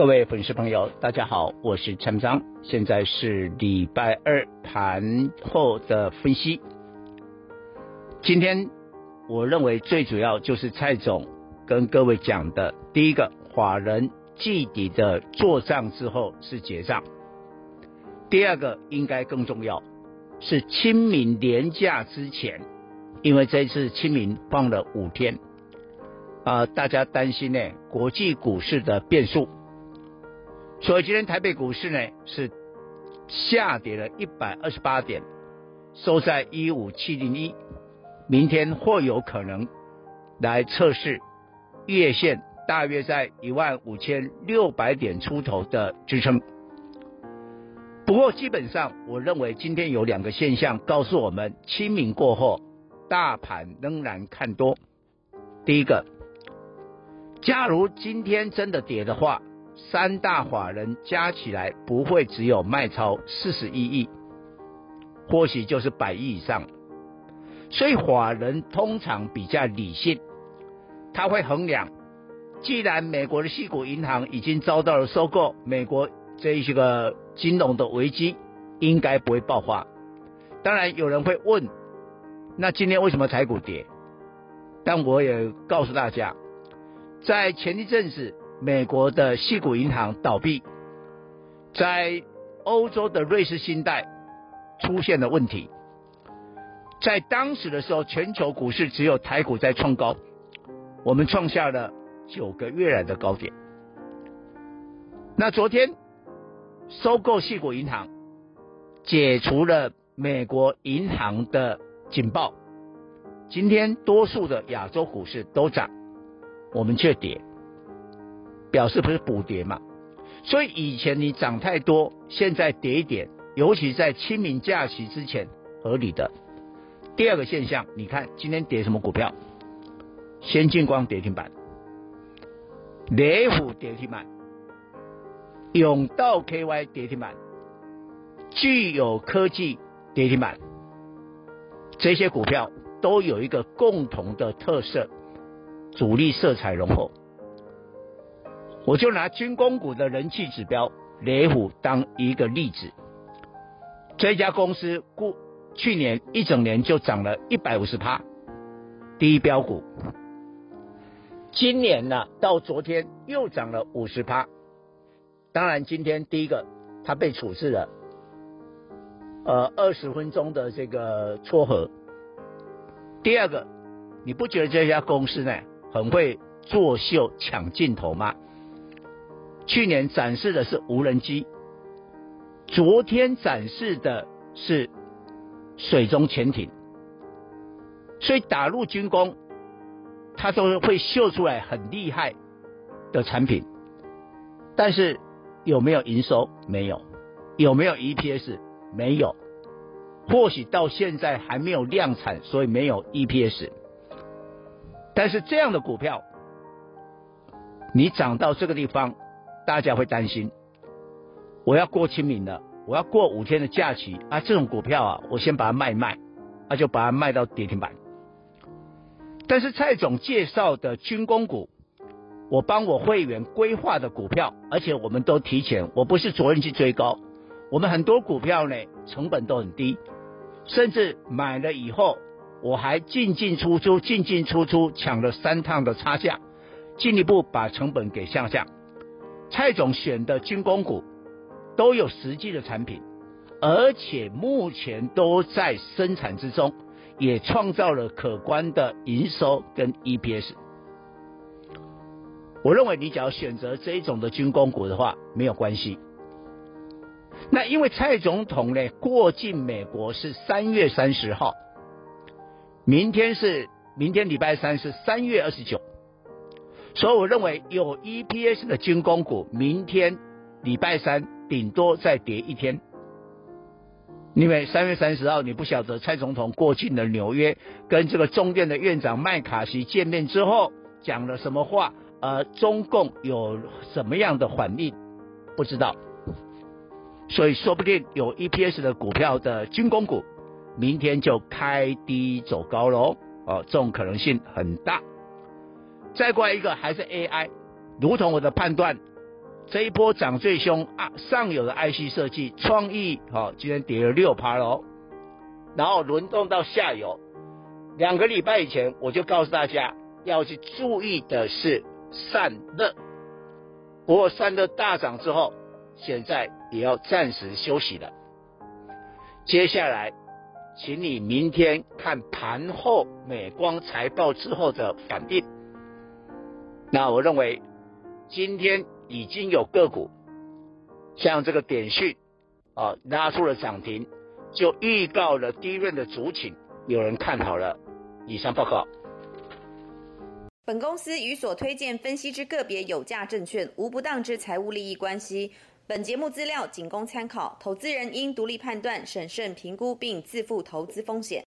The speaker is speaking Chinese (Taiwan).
各位粉絲朋友，大家好，我是蔡明彰，現在是禮拜二盤後的分析。今天我認為最主要就是蔡總跟各位講的第一個，法人季底的做賬之後是結賬；第二個應該更重要，是清明連假之前，因為這次清明放了五天啊、呃，大家擔心呢國際股市的變數。所以今天台北股市呢是下跌了一百二十八點，收在一五七零一，明天或有可能來測試月線大約在一萬五千六百點出頭的支撐。不過基本上我認為今天有兩個現象告訴我們，清明過後大盤仍然看多。第一個，假如今天真的跌的話。三大法人加起來不會只有賣超四十一億，或許就是百億以上。所以法人通常比較理性，他會衡量。既然美國的矽谷銀行已經遭到了收購，美國這一些個金融的危機應該不會爆發。當然有人會問，那今天為什麼台股跌？但我也告訴大家，在前一陣子。美國的矽谷銀行倒閉，在歐洲的瑞士信貸出現了問題，在當時的時候，全球股市只有台股在創高，我們創下了九個月來的高點。那昨天收購矽谷銀行，解除了美國銀行的警報，今天多數的亞洲股市都漲，我們卻跌。表示不是補跌嘛？所以以前你漲太多，現在跌一點，尤其在清明假期之前，合理的。第二個現象，你看今天跌什麼股票？先進光跌停板，雷虎跌停板，永道 KY 跌停板，巨有科技跌停板，這些股票都有一個共同的特色，主力色彩濃厚。我就拿軍工股的人氣指標雷虎當一個例子，這家公司過去年一整年就漲了一百五十趴，第一飆股，今年呢、啊、到昨天又漲了五十趴，當然今天第一個它被處置了，呃二十分鐘的這個撮合，第二個你不覺得這家公司呢很會作秀搶鏡頭嗎？去年展示的是無人機，昨天展示的是水中潛艇，所以打入軍工，它都會秀出來很厲害的產品，但是有沒有營收？沒有，有沒有 EPS？沒有，或許到現在還沒有量產，所以沒有 EPS。但是這樣的股票，你漲到這個地方。大家會擔心，我要過清明了，我要過五天的假期啊！這種股票啊，我先把它賣賣，那、啊、就把它賣到跌停板。但是蔡總介紹的軍工股，我幫我會員規劃的股票，而且我們都提前，我不是昨天去追高。我們很多股票呢，成本都很低，甚至買了以後，我還進進出出，進進出出搶了三趟的差價，進一步把成本給向下。蔡總選的軍工股都有實際的產品，而且目前都在生產之中，也創造了可觀的營收跟 EPS。我認為你只要選擇這一種的軍工股的話，沒有關係。那因為蔡總統呢，過境美國是三月三十號，明天是明天禮拜三是三月二十九。所以我認為有 EPS 的軍工股，明天禮拜三頂多再跌一天，因為三月三十號你不曉得蔡總統過境了紐約，跟這個眾院的院長麥卡錫見面之後講了什麼話，呃中共有什麼樣的反應，不知道，所以說不定有 EPS 的股票的軍工股，明天就開低走高咯，哦這種可能性很大。再過來一個還是 AI，如同我的判斷，這一波漲最凶。啊，上游的 IC 設計創意，好，哦，今天跌了六趴嘍。然後輪動到下游，兩個禮拜以前我就告訴大家要去注意的是散熱，不過散熱大漲之後，現在也要暫時休息了。接下來，請你明天看盤後美光財報之後的反應。那我認為，今天已經有個股像這個點訊，啊，拉出了漲停，就預告了低潤的主請有人看好了。以上報告。本公司與所推薦分析之個別有價證券無不當之財務利益關係。本節目資料僅供參考，投資人應獨立判斷、審慎評估並自負投資風險。